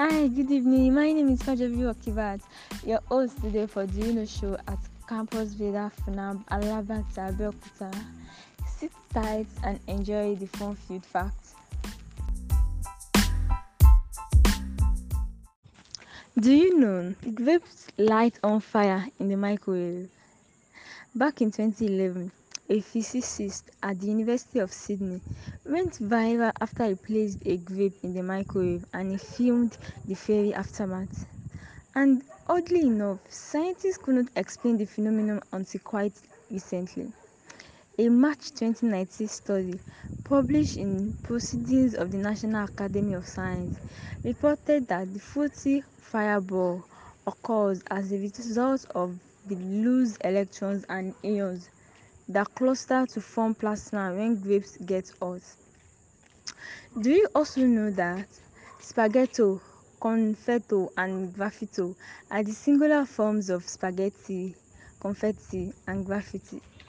Hi, good evening. My name is Kajavi Okivat, your host today for the UNO show at Campus Veda Funab Alabata Belkuta. Sit tight and enjoy the fun field facts. Do you know it vapes light on fire in the microwave? Back in 2011, a physicist at the University of Sydney, went viral after he placed a grape in the microwave and he filmed the fairy aftermath. And oddly enough, scientists could not explain the phenomenon until quite recently. A March 2019 study published in Proceedings of the National Academy of Science reported that the fruity fireball occurs as a result of the loose electrons and ions that cluster to form plasma when grapes get hot. Do you also know that spaghetto, confetto, and graffito are the singular forms of spaghetti, confetti, and graffiti?